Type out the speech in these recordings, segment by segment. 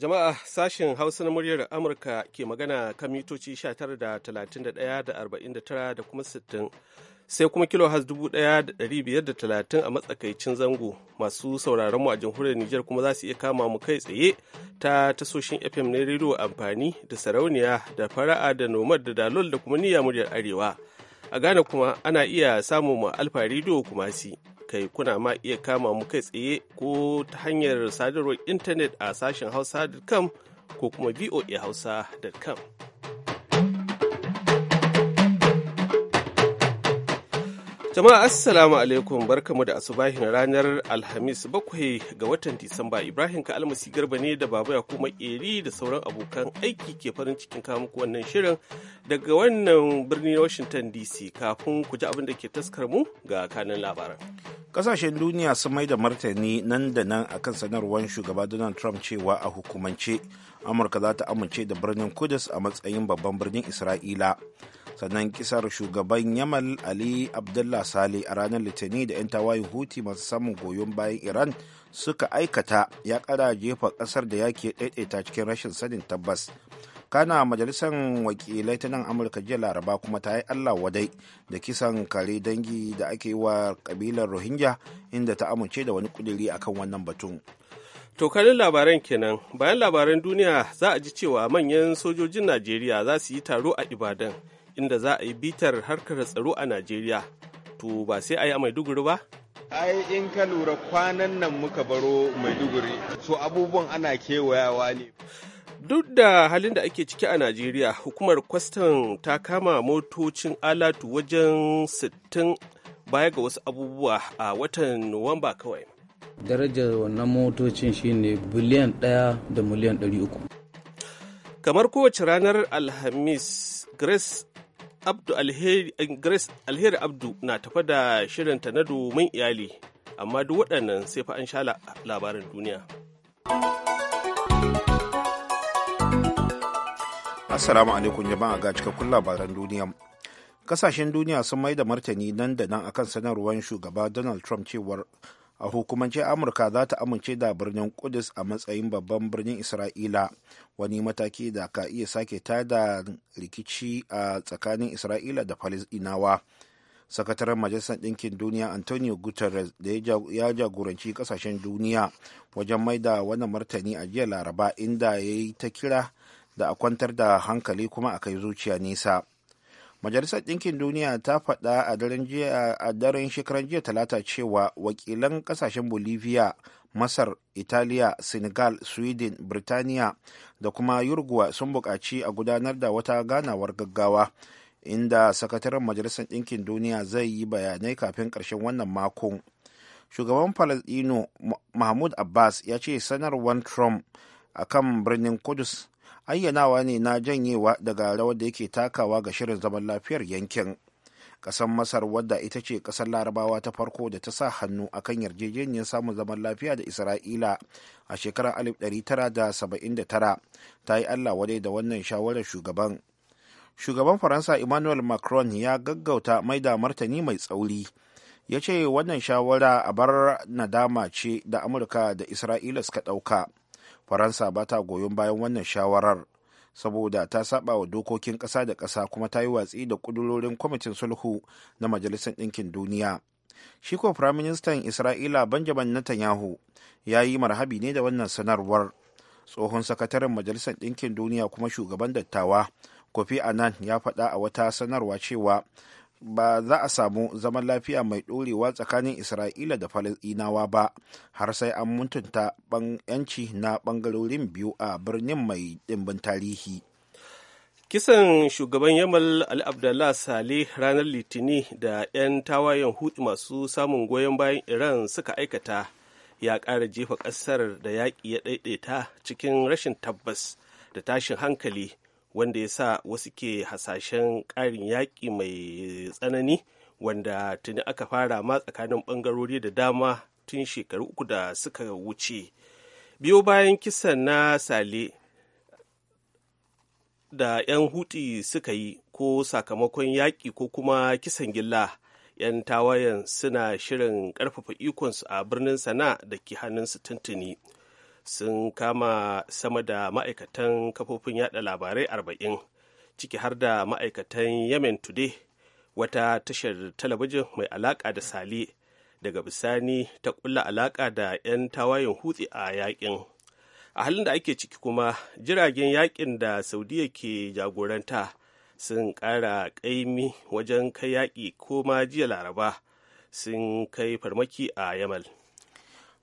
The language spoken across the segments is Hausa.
Jama'a sashen Hausa na muryar Amurka ke magana kan mitoci 19 da kuma 60. sai kuma kilohaz 1530 a matsakaicin zango masu sauraron mu a jamhuriyar Nijar kuma za su iya kama mu kai tsaye ta tasoshin FM na rediyo amfani da sarauniya da fara'a da nomad da dalol da kuma niyya muryar arewa a gane kuma ana iya samun mu alfa rediyo kuma si kai kuna ma iya kama mu kai tsaye ko ta hanyar sadarwar intanet a sashen hausa.com ko kuma voahausa.com. jama'a assalamu alaikum barkamu da asubahin ranar alhamis bakwai ga watan disamba ibrahim ka almasi garba ne da babu ya kuma eri da sauran abokan aiki ke farin cikin kawo wannan shirin daga wannan birnin washington dc kafin ku ji abin da ke taskar mu ga kanin labaran kasashen duniya sun mai da martani nan da nan a kan sanarwar shugaba donald trump cewa a hukumance amurka za ta amince da birnin kudus a matsayin babban birnin isra'ila sannan kisar shugaban yamal ali abdullah sale a ranar litinin da 'yan tawayin huti masu samun goyon bayan iran suka aikata ya kara jefa kasar da yake daidaita cikin rashin sanin tabbas kana majalisar wakilai ta nan amurka jiya laraba kuma ta yi allah wadai da kisan kare dangi da ake yi wa kabilar rohingya inda ta amince da wani kudiri akan wannan batun to kalin labaran kenan bayan labaran duniya za a ji cewa manyan sojojin najeriya za su yi taro a ibadan inda za a yi bitar harkar tsaro a najeriya to ba sai a yi a maiduguri ba ai in ka lura kwanan nan muka baro maiduguri to abubuwan ana kewayawa ne duk da halin da ake ciki a najeriya hukumar kwastan ta kama motocin alatu wajen 60 baya ga wasu abubuwa a watan nuwamba kawai darajar wannan motocin shine biliyan 1 da miliyan 300 kamar kowace ranar alhamis grace abdu eh, alheri, abdu na tafa da shirinta na domin iyali amma duk waɗannan sai fa an sha labarin duniya Assalamu alaikum jama'a ga cikakkun labaran duniya. Kasashen duniya sun mai da martani nan da nan akan sanarwar shugaba Donald Trump cewa a hukumance Amurka za ta amince da birnin Kudus a matsayin babban birnin Isra'ila wani mataki da ka iya sake tada rikici a tsakanin Isra'ila da falastinawa sakataren majalisar ɗinkin duniya antonio guterres da ya jagoranci kasashen duniya wajen mai da wannan martani a jiya laraba inda ya yi ta kira da a kwantar da hankali kuma a kai zuciya nisa majalisar ɗinkin duniya ta faɗa a daren shekaran jiya talata cewa wakilan ƙasashen bolivia masar italiya senegal sweden birtaniya da kuma yurguwa sun buƙaci a gudanar da wata ganawar gaggawa inda sakataren majalisar ɗinkin duniya zai yi bayanai kafin ƙarshen wannan makon shugaban falasɗino mahmud abbas ya ce sanarwar trump a kan birnin kudus ayyanawa ne na janyewa daga rawar da yake takawa ga shirin zaman lafiyar yankin ƙasar masar wadda ita ce ƙasar larabawa ta farko da ta sa hannu a kan yarjejeniyar samun zaman lafiya da isra'ila a shekarar 1979 ta yi allah wadai da wannan shawarar shugaban shugaban faransa emmanuel macron ya gaggauta mai da martani mai tsauri ya ce wannan shawara a bar nadama ce da amurka da isra'ila suka ɗauka faransa ba ta goyon bayan wannan shawarar saboda ta saba wa dokokin ƙasa da ƙasa kuma ta yi watsi da kudurorin kwamitin sulhu na majalisar ɗinkin duniya shi ko firaministan isra'ila benjamin netanyahu ya yi marhabi ne da wannan sanarwar tsohon sakataren majalisar ɗinkin duniya kuma shugaban dattawa kofi annan ya faɗa a wata sanarwa cewa ba za a samu zaman lafiya mai ɗorewa tsakanin isra'ila da falasɗinawa ba har sai an mutunta 'yanci na ɓangarorin biyu a birnin mai ɗimbin tarihi kisan shugaban yamal ali abdullah saleh ranar litini da 'yan tawayen hutu masu samun goyon bayan iran suka aikata ya ƙara jefa ƙasar da yaƙi ya ɗaiɗaita cikin rashin tabbas da tashin hankali wanda ya sa wasu ke hasashen ƙarin yaƙi mai tsanani wanda tuni aka fara ma tsakanin ɓangarori da dama tun shekaru uku da suka wuce biyo bayan kisan na sale da 'yan huti suka yi ko sakamakon yaƙi ko kuma kisan gilla 'yan tawayen suna shirin ƙarfafa ikonsu a birnin sana'a da ke hannunsu tuntuni sun kama sama da ma'aikatan kafofin yada labarai arba'in ciki har da ma'aikatan yemen today wata tashar talabijin mai alaka da sale daga bisani ta kulla alaka da 'yan tawayen hutsi a yakin a halin da ake ciki kuma jiragen yakin da saudiya ke jagoranta sun ƙara ƙaimi wajen kai yaƙi ko ma jiya laraba sun kai farmaki a yamal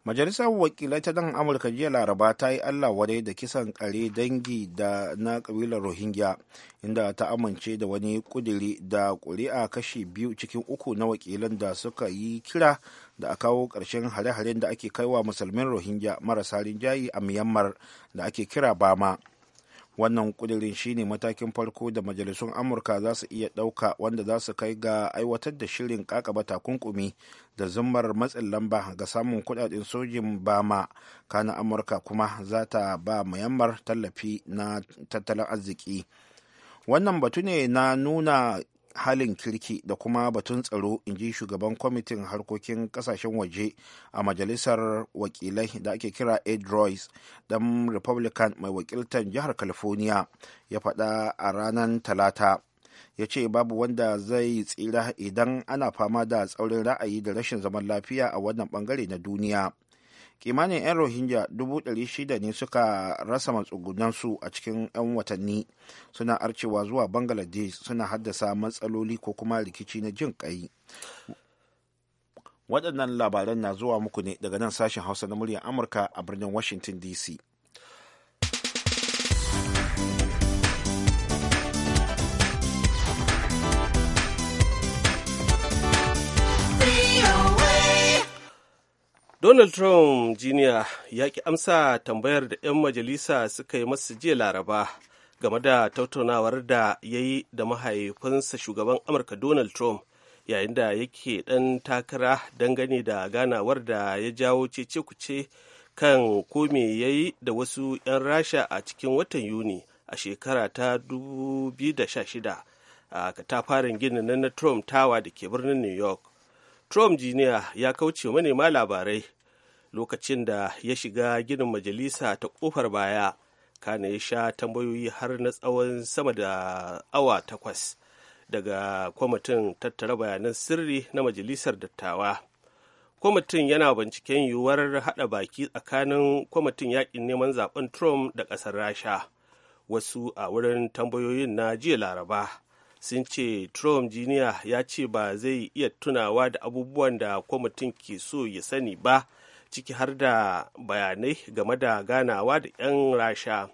majalisar wakilai ta dan amurka jiya laraba ta yi allah wadai da kisan kare dangi da na kabilar rohingya inda ta amince da wani kudiri da kuri'a kashi biyu cikin uku na wakilan da suka yi kira da a kawo ƙarshen hare-haren da ake kaiwa musulmin rohingya marasa rinjayi a myanmar da ake kira bama wannan kudirin shine matakin farko da majalisun amurka za su iya ɗauka wanda za su kai ga aiwatar da shirin kakaba takunkumi da zummar matsin lamba ga samun kudaden sojin bama kana amurka kuma za ta ba mayamar tallafi na tattalin arziki wannan batu ne na nuna halin kirki da kuma batun tsaro in ji shugaban kwamitin harkokin kasashen waje a majalisar wakilai da ake kira ed royce dan republican mai wakiltar jihar california ya faɗa a ranar talata ya ce babu wanda zai tsira idan ana fama da tsaurin ra'ayi da rashin zaman lafiya a wannan bangare na duniya kimanin 'yan rohingya 600 ne suka rasa matsugunansu a cikin 'yan watanni suna arcewa zuwa bangladesh suna haddasa matsaloli ko kuma rikici na jin kai waɗannan labaran na zuwa muku ne daga nan sashen hausa na muryar amurka a birnin washington dc Donald Trump jiniya, ya ki amsa tambayar da 'yan majalisa suka yi masa jiya laraba game da tattaunawar da ya yi da mahaifinsa shugaban Amurka Donald Trump yayin da yake ɗan takara dangane da ganawar da ya jawo cece kuce kan kome ya yi da wasu 'yan rasha a cikin watan Yuni a shekara ta 2016 a katafaren ginin na Trump Tower da ke birnin New York. Trump Jr. ya kauce manema labarai lokacin da ya shiga ginin majalisa ta kofar baya kane ya sha tambayoyi har na tsawon sama da awa takwas daga kwamitin tattara bayanan sirri na majalisar dattawa kwamitin yana binciken yiwuwar hada baki tsakanin kwamitin yakin neman zaben trump da kasar rasha wasu a wurin tambayoyin na jiya laraba sun ce trump jiniya ya ce ba zai iya tunawa da abubuwan da kwamitin ke so ya sani ba ciki har da bayanai game da ganawa da 'yan rasha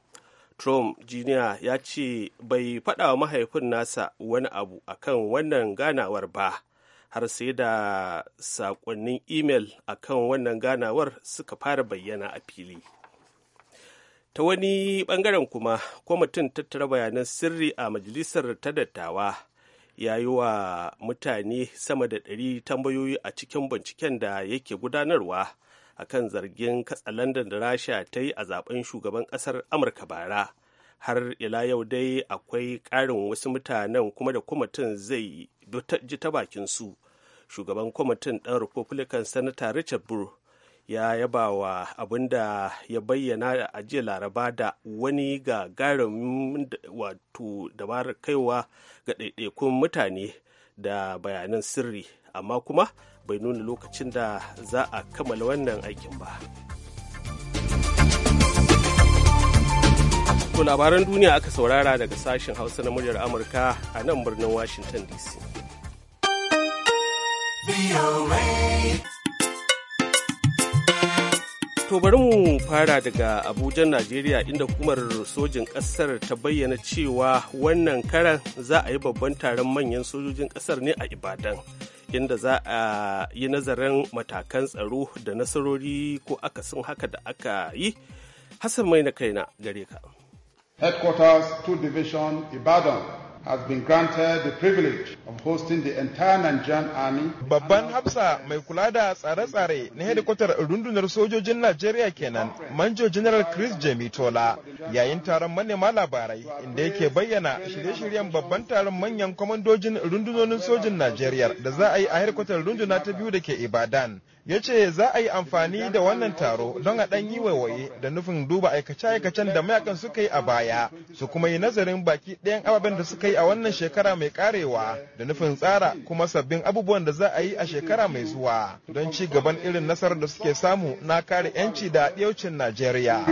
trump jr ya ce bai faɗa wa mahaifin nasa wani abu akan wannan ganawar ba har sai da saƙonnin imel akan wannan ganawar suka fara bayyana a fili ta wani bangaren kuma kwamitin tattara bayanan sirri a majalisar ta dattawa ya yi wa mutane sama da ɗari tambayoyi a cikin binciken da yake gudanarwa akan zargin katsalandan da rasha ta yi a zaben shugaban kasar amurka bara har ila yau dai akwai ƙarin wasu mutanen kuma da kwamitin zai ji ta bakin su shugaban kwamitin ɗan republican sanata richard burr ya yaba wa abin da ya bayyana a jiya laraba da wani ga garin wato dabarar kaiwa ga ɗaiɗaikun mutane da bayanan sirri amma kuma bai nuna lokacin da za a kammala wannan aikin ba. To labaran duniya aka saurara daga sashen Hausa na muryar Amurka a nan birnin Washington DC. To bari mu fara daga Abuja, Najeriya inda hukumar sojin ƙasar ta bayyana cewa wannan karan za a yi babban taron manyan sojojin ƙasar ne a Ibadan. inda za a yi nazarin matakan tsaro da nasarori ko aka akasin haka da aka yi hassan mai na kaina gare ka headquarters two division ibadan has been granted the privilege of hosting the entire Nigerian army. Babban Hafsa mai kula da tsare-tsare na hedikwatar rundunar sojojin Najeriya kenan, Manjo General Chris Tola. yayin taron manema labarai inda yake bayyana shirye-shiryen babban taron manyan kwamandojin rundunonin sojin Najeriya da za a yi a hedikwatar runduna ta biyu da ke Ibadan. ya ce za a yi amfani da wannan taro don a ɗan yi waiwaye da nufin duba aikace-aikacen da mayakan suka yi a baya su kuma yi nazarin baki ɗayan ababen da suka yi a wannan shekara mai karewa da nufin tsara kuma sabbin abubuwan da za a yi a shekara mai zuwa don ci gaban irin nasarar da suke samu na kare 'yanci da ɗaucin Najeriya.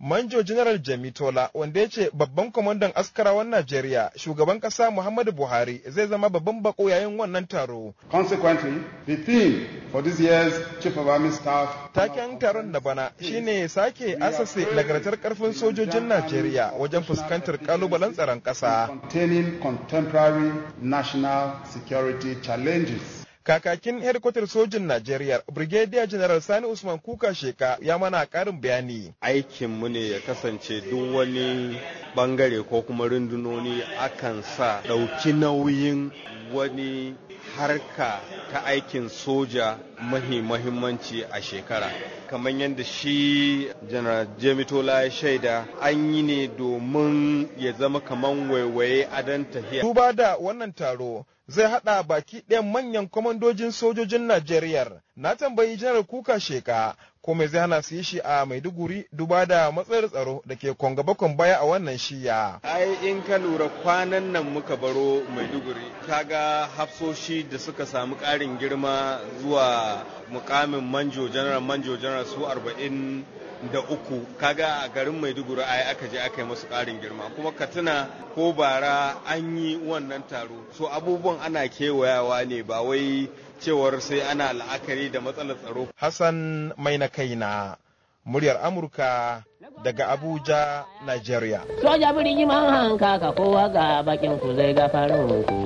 Manjo General Jamitola wanda ya ce babban kwamandan askarawan Najeriya shugaban kasa Muhammadu Buhari zai zama babban bako yayin wannan taro. Consequently, the theme for this year's Chief of Army Staff Taken taron da bana shine sake asase nagartar karfin sojojin Najeriya wajen fuskantar kalubalen tsaron kasa. Containing contemporary national security challenges. Kakakin hedikwatar sojin Najeriya, Brigadier General Sani Usman Kuka Sheka ya mana karin bayani. aikin mu ne ya kasance duk wani bangare ko kuma rundunoni akan sa ɗauki nauyin wani harka ta aikin soja mahi mahimmanci a shekara kamar yadda shi janar jemitola ya shaida an yi ne domin ya zama kamar waiwaye adon tafiya. duba da wannan taro zai haɗa baki ɗayan manyan kwamandojin sojojin Najeriya. Na tambayi janar kuka sheka ko mai zai hana su yi shi a Maiduguri duba da matsayar tsaro da ke konga bakon baya a wannan shiya. Ai in ka lura kwanan nan muka baro Maiduguri ga hafsoshi da suka samu ƙarin girma zuwa mukamin manjo janar manjo janar su arba'in da uku kaga a garin maiduguri ai aka je aka yi masu ƙarin girma kuma ka tuna ko bara an yi wannan taro so abubuwan ana kewayawa ne ba wai cewar sai ana la'akari da matsalar tsaro hassan mai na kai na muryar amurka daga abuja nigeria soja birni ma hanka ka kowa ga bakin ku zai ga farin ku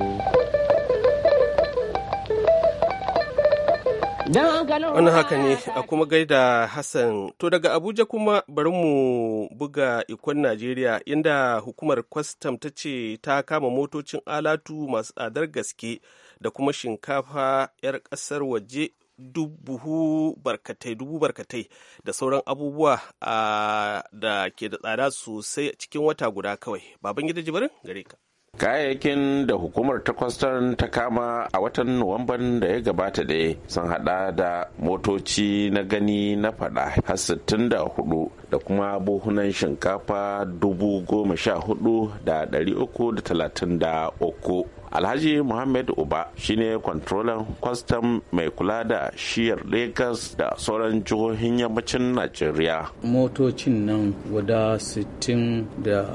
Wani haka ne a kuma gaida Hassan. To daga Abuja kuma bari mu buga ikon Najeriya inda hukumar kwastam ta ce ta kama motocin alatu masu tsadar gaske da kuma shinkafa 'yar kasar waje dubu barkatai dubu barkatai da sauran abubuwa da ke da tsada sosai cikin wata guda kawai. Babangida Jibirin gare ka. kayayyakin da hukumar ta kwastan ta kama a watan nuwamban da ya gabata da sun hada da motoci na gani na fada har hudu da kuma buhunan shinkafa dubu goma sha hudu da dari uku da talatin da uku alhaji muhammad uba shine kwantrolan kwastam mai kula da shiyar lagos da sauran jihohin yammacin najeriya motocin nan guda 64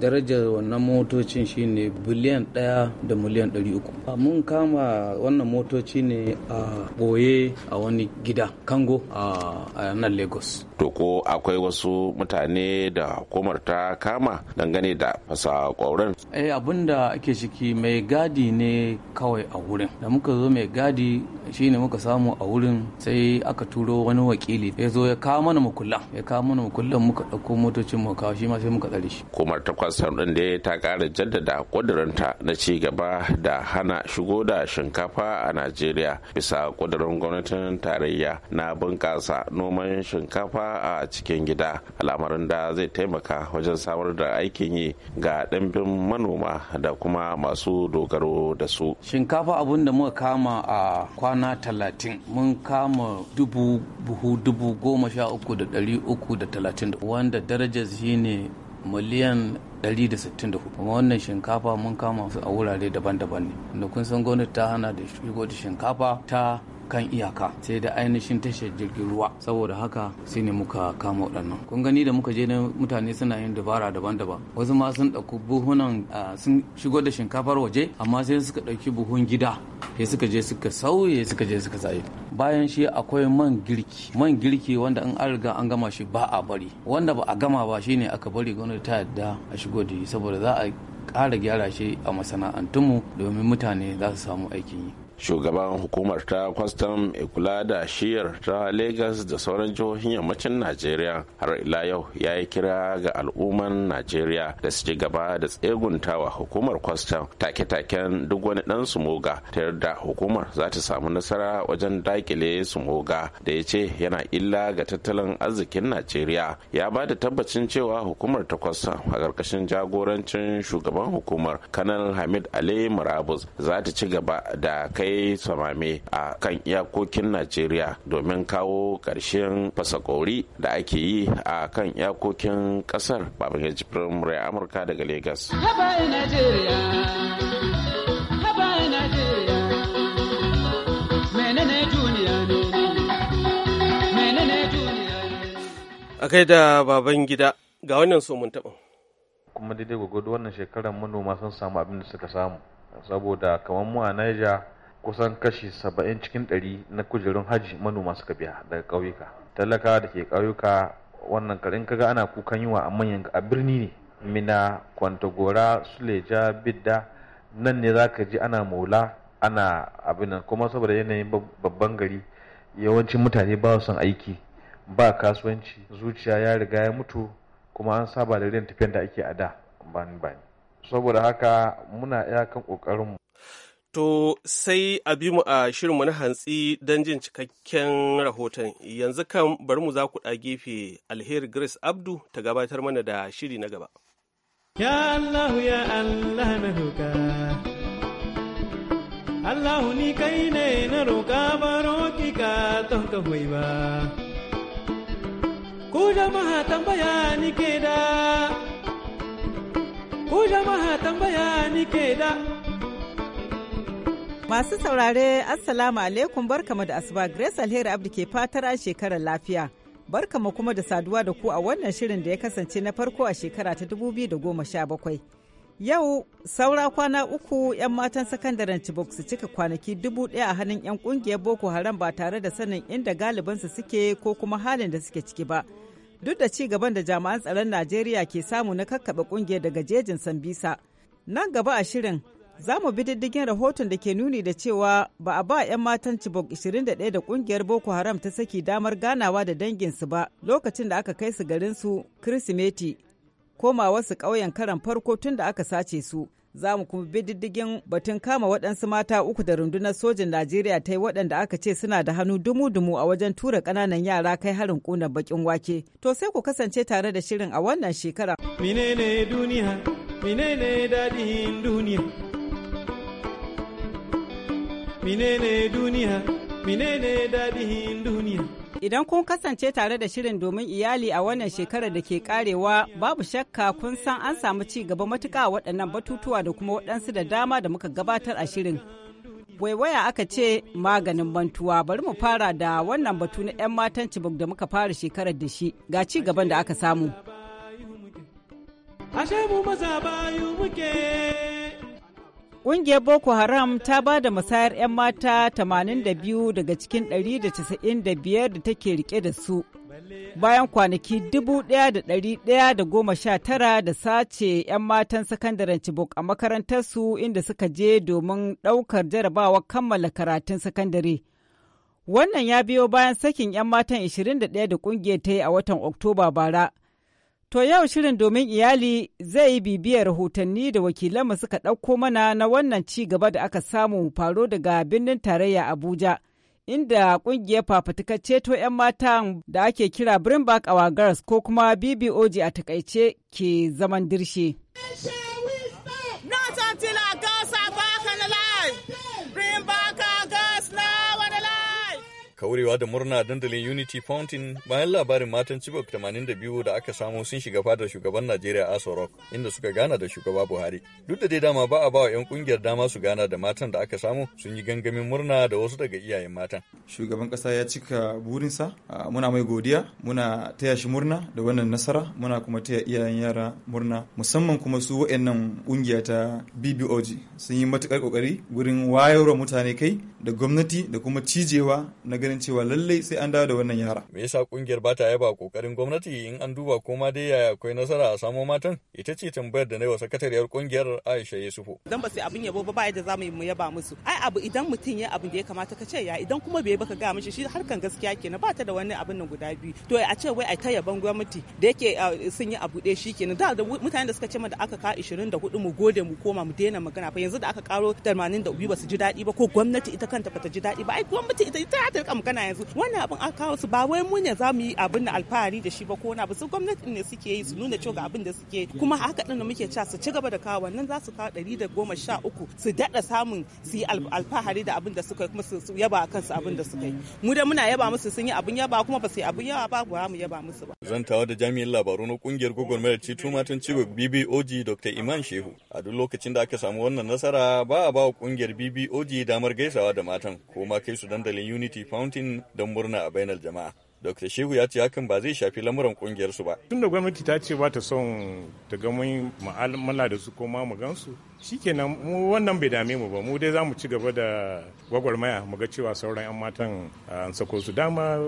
darajar wannan motocin shine biliyan ɗaya da miliyan 300 mun kama wannan motoci ne a boye a wani gida kango a nan lagos to ko akwai wasu mutane da hukumar ta kama dangane da fasa kwauren eh, abinda da ake ciki mai gadi ne kawai a wurin da muka zo mai gadi shine muka samu a wurin sai aka turo wani wakili ya zo ya kawo mana mukullan ya kawo mana mukullan muka ɗauko motocin mu kawo shi ma sai muka tsare shi kumar ta kwastam din da ta ƙara jaddada ƙudurinta na ci gaba da hana shigo da shinkafa a najeriya bisa ƙudurin gwamnatin tarayya na bunƙasa noman shinkafa a cikin gida al'amarin da zai taimaka wajen samar da aikin yi ga ɗimbin manoma da kuma masu dogaro da su shinkafa abun da muka kama a kwana kwana talatin mun kama dubu buhu dubu goma sha uku da dari uku da talatin wanda darajar shi ne miliyan 164 kuma wannan shinkafa mun kama su a wurare daban-daban ne da kun san gwamnati ta hana da shigo da shinkafa ta kan iyaka sai da ainihin tashar jirgin ruwa saboda haka sai ne muka kama waɗannan kun gani da muka je na mutane suna yin dabara daban-daban wasu ma sun ɗauki buhunan sun shigo da shinkafar waje amma sai suka ɗauki buhun gida sai suka je suka sauye suka je suka saye bayan shi akwai man girki man girki wanda in an riga an gama shi ba a bari wanda ba a gama ba shine aka bari gwamnati ta yadda a shigo da saboda za a ƙara gyara shi a masana'antunmu domin mutane za su samu aikin yi shugaban hukumar ta kwastam kula da shiyar ta lagos da sauran jihohin yammacin najeriya har ila yau ya yi kira ga al'umman najeriya da su ci gaba da tseguntawa hukumar kwastam take-taken duk wani dan sumoga ta yarda hukumar za ta samu nasara wajen dakile sumoga da ya ce yana illa ga tattalin arzikin najeriya ya ba da tabbacin cewa hukumar ta kwastam a ƙarƙashin jagorancin shugaban hukumar kanal hamid ali Marabus za ta ci gaba da kai kai samame a kan iyakokin najeriya domin kawo ƙarshen fasakori da ake yi a kan iyakokin ƙasar babban hijibirin amurka daga lagos a kai da baban gida ga wannan so mun taɓa kuma daidai gwagwado wannan shekarar manoma sun samu abin da suka samu saboda kamar mu a niger kusan kashi saba'in cikin ɗari na kujerun hajji manoma suka biya daga ƙauyuka talaka da ke ƙauyuka wannan karin kaga ana kukan yiwa a manyan a birni ne mina kwantagora suleja bidda nan ne za ka ji ana maula ana abin kuma saboda yanayin babban gari yawancin mutane ba son aiki ba kasuwanci zuciya ya riga ya mutu kuma an saba da rin tafiyan da ake a da bani bani saboda haka muna iyakan ƙoƙarinmu To sai a bi mu a shirinmu na hantsi don jin cikakken rahoton. Yanzu kan bari mu za ku ɗa gefe alheri Grace Abdu ta gabatar mana da shiri na gaba. Ya Allah ya Allah na roƙa. Allah ni kai ne na roƙa Ba roƙi ka ton ka ba. Ku jama'a tambaya ni ke da. Ku jama'a tambaya ni ke da. Masu saurare Assalamu alaikum barkama da asuba Grace Alheri Abdi ke fatar an shekarar lafiya. Barkama kuma da saduwa da ku a wannan shirin da ya kasance na farko a shekara ta 2017. Yau saura kwana uku 'yan matan sakandaren Chibok su cika kwanaki dubu ɗaya a hannun 'yan ƙungiyar Boko Haram ba tare da sanin inda galibansu suke ko kuma halin da suke ciki ba. Duk da ci gaban da jami'an tsaron Najeriya ke samu na kakkaɓe ƙungiyar daga jejin Sambisa. Nan gaba a shirin Za mu bi diddigin rahoton da ke nuni da cewa ba a ba 'yan matan Chibok 21 da kungiyar Boko Haram ta saki damar ganawa da danginsu ba lokacin da aka kai su garin garinsu Kirsimeti, koma wasu ƙauyen karan farko tun da aka sace su. Za mu kuma bi diddigin batun kama waɗansu mata uku da rundunar sojin Najeriya ta yi waɗanda aka ce suna da hannu dumu-dumu a wajen tura ƙananan yara kai harin ƙunar bakin wake. To sai ku kasance tare da shirin a wannan shekara. Menene duniya? daɗin duniya? minene duniya minene dadihin duniya Idan kun kasance tare da shirin domin iyali a wannan shekarar da ke karewa babu shakka kun san an samu ci gaba matuka a waɗannan batutuwa da kuma waɗansu da dama da muka gabatar a shirin. Waiwaya aka ce maganin bantuwa bari mu fara da wannan batu na 'yan matan cibok da muka fara shekarar da shi ga ci gaban da aka samu. Ashe Ƙungiyar Boko Haram ta ba da musayar 'yan mata 82 daga cikin 195 da take rike da su bayan kwanaki 1,119 da sace 'yan matan sakandaren Chibok a makarantarsu inda suka je domin ɗaukar jarabawa kammala karatun sakandare. Wannan ya biyo bayan sakin 'yan matan 21 da ƙungiyar ta yi a watan Oktoba bara. To yau shirin domin iyali zai yi bibiyar rahotanni da wakilanmu suka ɗauko mana na wannan ci gaba da aka samu faro daga birnin tarayya Abuja, inda ƙungiyar fafutukar ceto 'yan mata da ake kira Brimbak Girls ko kuma BBOG a takaice ke zaman dirshe. kaurewa da murna dandalin unity fountain bayan labarin matan chibok 82 da aka samu sun shiga fadar shugaban najeriya aso rock inda suka gana da shugaba buhari duk da dai dama ba a ba wa 'yan kungiyar dama su gana da matan da aka samu sun yi gangamin murna da wasu daga iyayen matan shugaban kasa ya cika burinsa muna mai godiya muna taya shi murna da wannan nasara muna kuma taya iyayen yara murna musamman kuma su wa'annan kungiya ta bbog sun yi matukar kokari gurin wayarwa mutane kai da gwamnati da kuma cijewa na ganin cewa lallai sai an dawo da wannan yara. Me yasa kungiyar ba ta yaba kokarin gwamnati in an duba koma dai yaya akwai nasara a samo matan? Ita ce tambayar da na yi wa sakatariyar kungiyar Aisha Yusufu. Idan ba sai abin yabo ba da mu yi mu yaba musu. Ai abu idan mutum ya abin da ya kamata ka ce ya idan kuma bai baka ga mishi shi harkan gaskiya kenan ba ta da wani abin nan guda biyu. To a ce wai a ta yaban gwamnati da yake sun yi abu ɗaya shi kenan. Da mutane da suka ce da aka ka 24 mu gode mu koma mu daina magana fa yanzu da aka karo 82 ba su ji daɗi ba ko gwamnati ita kanta bata ji daɗi ba ai kuma mutum ita ta rika magana yanzu wannan abin an kawo su ba wai mu ne zamu yi abin da alfahari da shi ba ko na ba su gwamnatin ne suke yi su nuna cewa ga abin da suke kuma haka din da muke cewa su ci gaba da kawo wannan za su kawo ɗari da goma sha uku su daɗa samun su yi alfahari da abin da suka yi kuma su yaba kansu abin da suka yi mu da muna yaba musu sun yi abin yaba kuma ba su yi abin yaba ba ba mu yaba musu ba zantawa da jami'in labaru na kungiyar gwagwarmayar ceto matan ciwo BBOG Dr. Iman Shehu a duk lokacin da aka samu wannan nasara ba a ba wa kungiyar BBOG damar gaisawa da matan ko ma kai su dandalin Unity Fountain don murna a bainar jama'a. Dr. Shehu ya ce hakan ba zai shafi lamuran kungiyar su ba. Tun da gwamnati ta ce ba ta son ta ga mun ma'amala da su ko ma mu gansu. Shikenan mu wannan bai dame mu ba mu dai za mu ci gaba da gwagwarmaya mu ga cewa sauran 'yan matan an sako su dama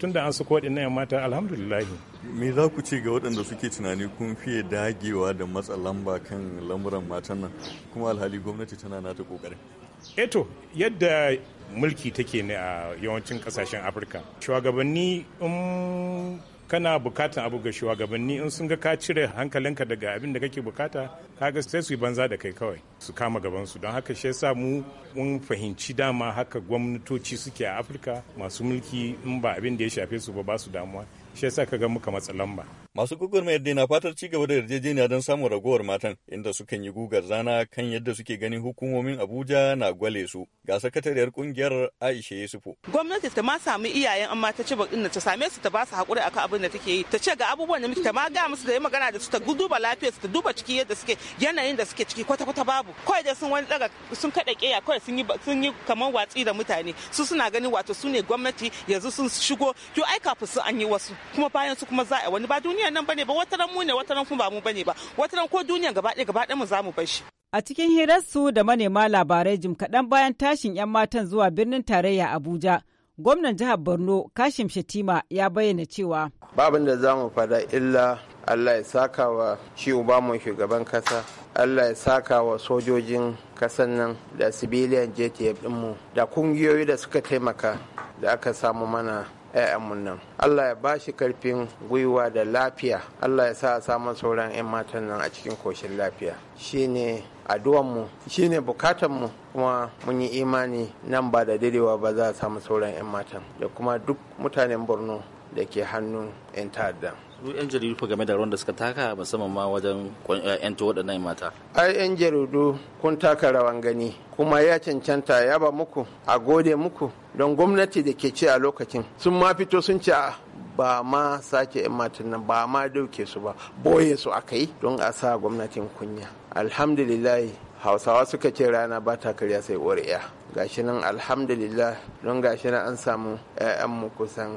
tun da an sako waɗannan 'yan mata alhamdulillah. Me za ku ce ga waɗanda suke tunani kun fiye dagewa da matsa lamba kan lamuran matan nan kuma alhali gwamnati tana nata ƙoƙarin. eto eh yadda mulki take ne a yawancin kasashen afirka shugabanni in kana bukatan abu ga shugabanni in sun ga ka cire hankalinka daga abin da kake bukata kaga sai su yi banza da kai kawai su kama gaban su don haka shi yasa mu mun fahimci dama haka gwamnatoci suke a afirka masu mulki in ba abin da ya shafe su ba ba su damuwa shi yasa ga muka matsa lamba Masu gugurmayar dai na fatar ci gaba da yarjejeniya don samun ragowar matan inda sukan yi gugar zana kan yadda suke ganin hukumomin Abuja na gwale su. Ga sakatariyar kungiyar Aisha Yusufu. Gwamnati ta ma samu iyayen amma ta ci bakin ta same su ta ba su hakuri akan abin da take yi. Ta ce ga abubuwan da muke ta ma ga musu da yi magana da su ta duba lafiyar su ta duba ciki yadda suke yanayin da suke ciki kwata kwata babu. Kawai da sun wani daga sun kada keya kawai sun yi sun yi kamar watsi da mutane. Su suna ganin wato su ne gwamnati yanzu sun shigo to ai kafin su an yi wasu kuma bayan su kuma za a wani ba duniya duniya nan bane ba wataran mu ne wataran kuma ba mu bane ba wataran ko duniya gaba ɗaya gaba ɗaya mu za mu bar shi a cikin hirarsu da manema labarai jim kaɗan bayan tashin 'yan matan zuwa birnin tarayya abuja gwamnan jihar borno kashim shatima ya bayyana cewa babin da za mu fada illa allah ya saka wa shi mu shugaban kasa allah ya saka wa sojojin kasan nan da civilian jtf ɗinmu da kungiyoyi da suka taimaka da aka samu mana 'ya'yanmu nan allah ya ba shi karfin gwiwa da lafiya allah ya sa samun sauran 'yan matan nan a cikin koshin lafiya Shi ne addu'anmu shi ne bukatanmu kuma mun yi imani nan ba da daidaiwa ba za a samu sauran 'yan matan da kuma duk mutanen borno da ke hannun 'yan ta'adda yan jaridu fa game da ruwan da suka taka musamman ma wajen eh, yanto waɗannan mata ai yan jaridu kun taka rawan gani kuma ya cancanta ya ba muku a gode muku don gwamnati da ke ce a lokacin sun ma fito sun ce ah, ba ma sake 'yan matan nan ba ma dauke su ba boye su aka yi don a sa gwamnatin kunya alhamdulillah hausawa suka ce rana ba ta karya sai ƙuri'a gashi nan alhamdulillah don gashi nan an samu 'ya'yanmu kusan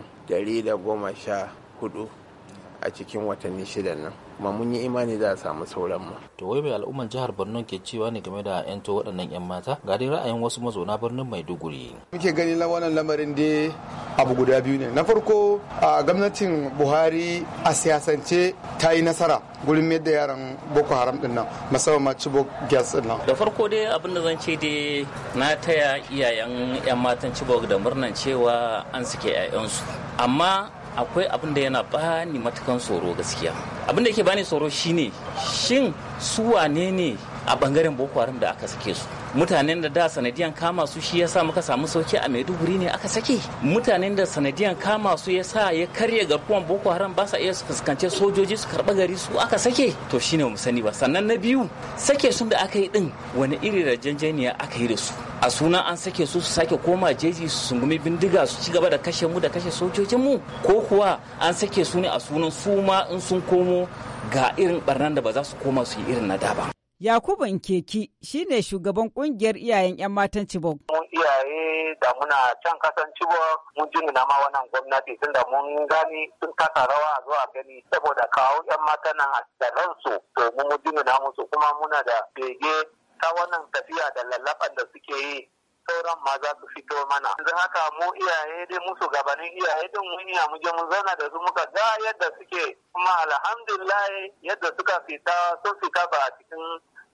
goma sha 114 a cikin watanni shidan nan kuma mun yi imani za a samu sauran mu. To wai mai al'ummar jihar Borno ke cewa ne game da 'yanto waɗannan 'yan mata ga dai ra'ayin wasu mazauna birnin Maiduguri. Muke gani wannan lamarin dai abu guda biyu ne. Na farko a gwamnatin Buhari a siyasance ta yi nasara gurin mai da yaran Boko Haram din nan musamman ma Chibok gas din nan. Da farko dai abin da zan ce dai na taya iyayen 'yan matan Chibok da murnan cewa an suke 'ya'yansu. Amma akwai abin da yana bani matukan tsoro gaskiya abin da yake bani tsoro shine shin su wane ne a bangaren boko haram da aka sake su mutanen da da sanadiyan kama su shi yasa muka samu sauki a maiduguri ne aka sake mutanen da sanadiyan kama su yasa ya karya garkuwan boko haram ba sa iya su fuskance sojoji su karba gari su aka sake to shine mu sani ba sannan na biyu sake sun da aka yi din wani iri da janjaniya aka yi da su a suna an sake su su sake koma jeji su sungumi bindiga su ci gaba da kashe mu da kashe sojojin mu ko kuwa an sake su ne a sunan su ma in sun komo ga irin barnan da ba za su koma su yi irin na da ba Yakubu Nkeki shine shugaban kungiyar iyayen 'yan matan Chibok. Mun iyaye da muna can kasan Chibok mun ma wannan gwamnati tun da mun gani sun kasa rawa a zuwa gani saboda kawo 'yan matan nan a da ransu to mun jingina musu kuma muna da bege ta wannan tafiya da lallaban da suke yi sauran ma za su fito mana yanzu haka mu iyaye dai musu gabanin iyaye din mun iya mu je mun zauna da su muka ga yadda suke kuma alhamdulillah yadda suka fita sun fita ba a cikin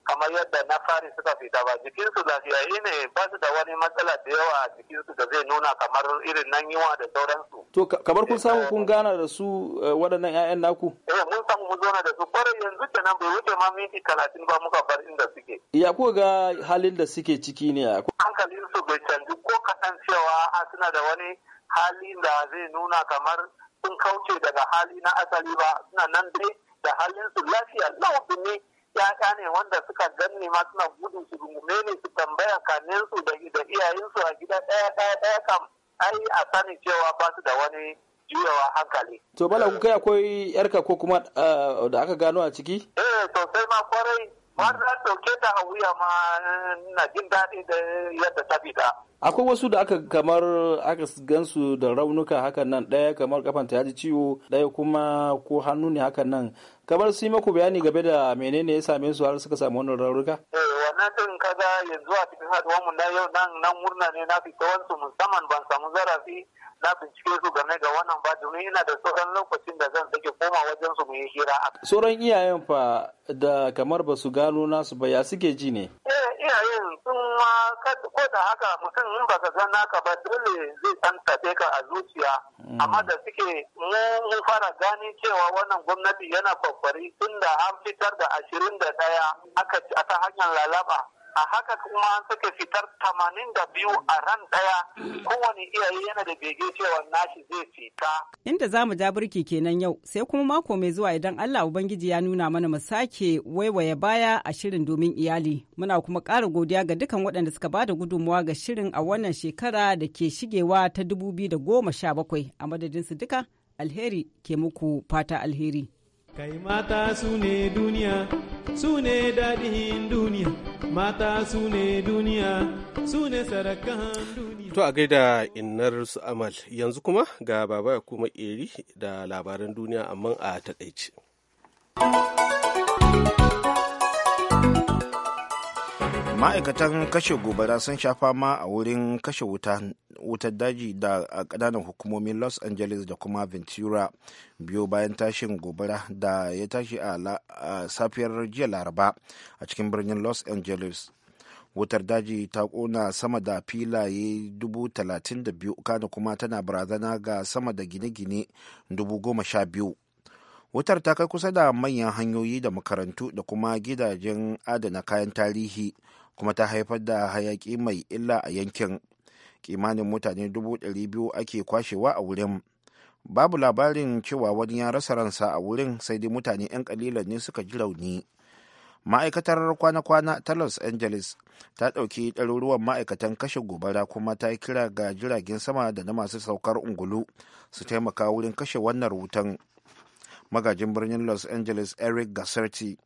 kamar yadda na fari suka fita ba jikinsu lafiya ne ba su da wani matsala da yawa a jikinsu da zai nuna kamar irin nan yiwa da sauransu. To kamar kun samu eh, kun gana da su eh, waɗannan 'ya'yan naku? Eh mun samu mu zauna da su kwarai yanzu kenan bai wuce ma minti talatin ba muka bar inda suke. Ya ko ga halin da suke ciki ne ya hankalin su bai canji ko kasancewa a suna da wani halin da zai nuna kamar sun kauce daga hali na asali ba suna nan dai da halin su lafiya lau ne ya'ya ne wanda suka ganni ma suna gudu su rungume ne su tambaya kanensu da iyayensu a gida ɗaya ɗaya ɗaya kam ai a sani cewa ba su da wani juyawa hankali. To bala kai akwai yarka ko kuma eh, da aka gano a ciki? Eh sosai ma kwarai ma na ɗauke ta a wuya ma na jin daɗi da yadda ta fita. akwai wasu da aka kamar aka gansu da raunuka hakan nan ɗaya kamar kafan ya ji ciwo ɗaya kuma ko hannu ne hakan nan kamar su yi maku bayani game da menene ya same su har suka samu wannan raunuka. Eh, wannan ka kaga yanzu a cikin haɗuwar mu na yau nan nan murna ne na fita su musamman ban samu zarafi na bincike su game ga wannan ba domin yana da sauran lokacin da zan sake koma wajen su mu yi hira. a Sauran iyayen fa da kamar ba su gano nasu ba ya suke ji ne. Eh iyayen sun ma ko da haka mutum in ka ga naka ba dole zai san tafe ka a zuciya. Mm. Amma da suke mu mu fara gani cewa wannan gwamnati yana kwakwari tun da an fitar da ashirin da ɗaya aka ta hanyar lalaba. a haka kuma suka fitar tamanin da biyu a ran daya kowane iyaye yana da bege cewa nashi zai fita. Inda za mu ja birki kenan yau sai kuma mako mai zuwa idan Allah Ubangiji ya nuna mana mu sake waiwaye baya a shirin domin iyali. Muna kuma kara godiya ga dukan waɗanda suka ba da gudunmawa ga shirin a wannan shekara da ke shigewa ta dubu da goma sha bakwai a madadinsu duka alheri ke muku fata alheri. Kai mata su ne duniya, su ne daɗin duniya. mata su ne duniya su ne sarakan duniya to a gaida innar su amal yanzu kuma ga baba ya kuma eri da labaran duniya amma a takaice ma'aikatan kashe gobara sun sha fama a wurin kashe wutar daji da a ƙananan hukumomin los angeles da kuma ventura biyo bayan tashin gobara da ya tashi a safiyar jiya laraba a cikin birnin los angeles wutar daji ta kona sama da filaye dubu kana kuma tana barazana ga sama da gine-gine dubu wutar ta kai kusa da manyan hanyoyi da makarantu da kuma gidajen adana kayan tarihi kuma ta haifar da hayaki mai illa a yankin kimanin mutane dubu ɗari biyu ake kwashewa a wurin babu labarin cewa wani ya rasa ransa a wurin sai dai mutane 'yan kalilan ne suka ji rauni ma'aikatar kwana-kwana ta los angeles ta ɗauki ɗaruruwan ma'aikatan kashe gobara kuma ta yi kira ga jiragen sama da na masu saukar ungulu su taimaka wurin kashe wannan rutan magajin birnin los angeles eric gasserti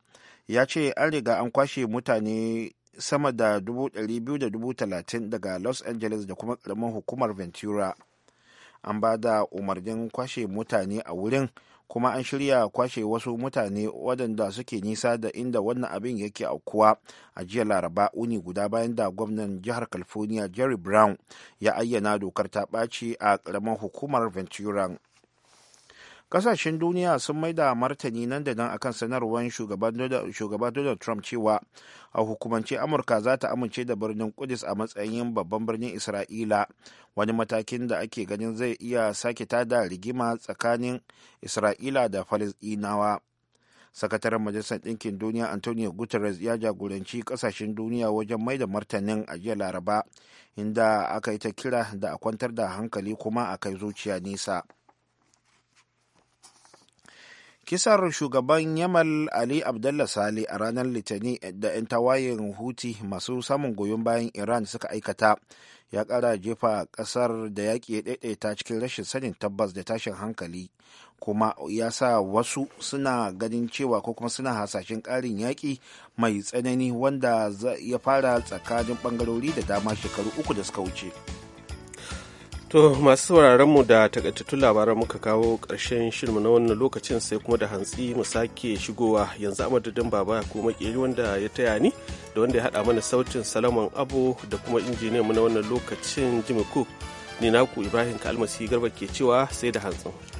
ya ce an riga an kwashe mutane sama da 230,000 daga los angeles da kuma karamin hukumar ventura an ba da umarnin kwashe mutane a wurin kuma an shirya kwashe wasu mutane waɗanda suke nisa da inda wannan abin yake aukuwa a jiya laraba uni guda bayan da gwamnan jihar california jerry brown ya ayyana dokar ta ɓaci a ƙaramin hukumar venturan kasashen duniya sun mai da martani nan da nan akan sanarwar shugaba donald trump cewa a hukumance amurka za ta amince da birnin kudus a matsayin babban birnin isra'ila wani matakin da ake ganin zai iya sake tada rigima tsakanin isra'ila da falisdinawa sakataren majalisar ɗinkin duniya antonio guterres ya jagoranci kasashen duniya wajen mai da martanin a jiya laraba inda aka yi ta kira da a kwantar da hankali kuma a kai zuciya nisa kisar shugaban yamal ali abdullah sale a ranar litani da 'yan tawayen huti masu samun goyon bayan iran suka aikata ya kara jefa kasar da yaƙi ya daidaita cikin rashin sanin tabbas da tashin hankali kuma ya sa wasu suna ganin cewa ko kuma suna hasashen ƙarin yaƙi mai tsanani wanda ya fara tsakanin bangarori da dama shekaru uku da suka wuce. To masu sauraron mu da takaitattun labaran muka kawo ƙarshen shirmu na wannan lokacin sai kuma da hantsi mu sake shigowa yanzu amadadin baba ko makeri wanda ya taya ni da wanda ya haɗa mana sautin salaman abu da kuma injiniyan mu na wannan lokacin jimi cook ni naku ibrahim kalmasi garba ke cewa sai da hantsin.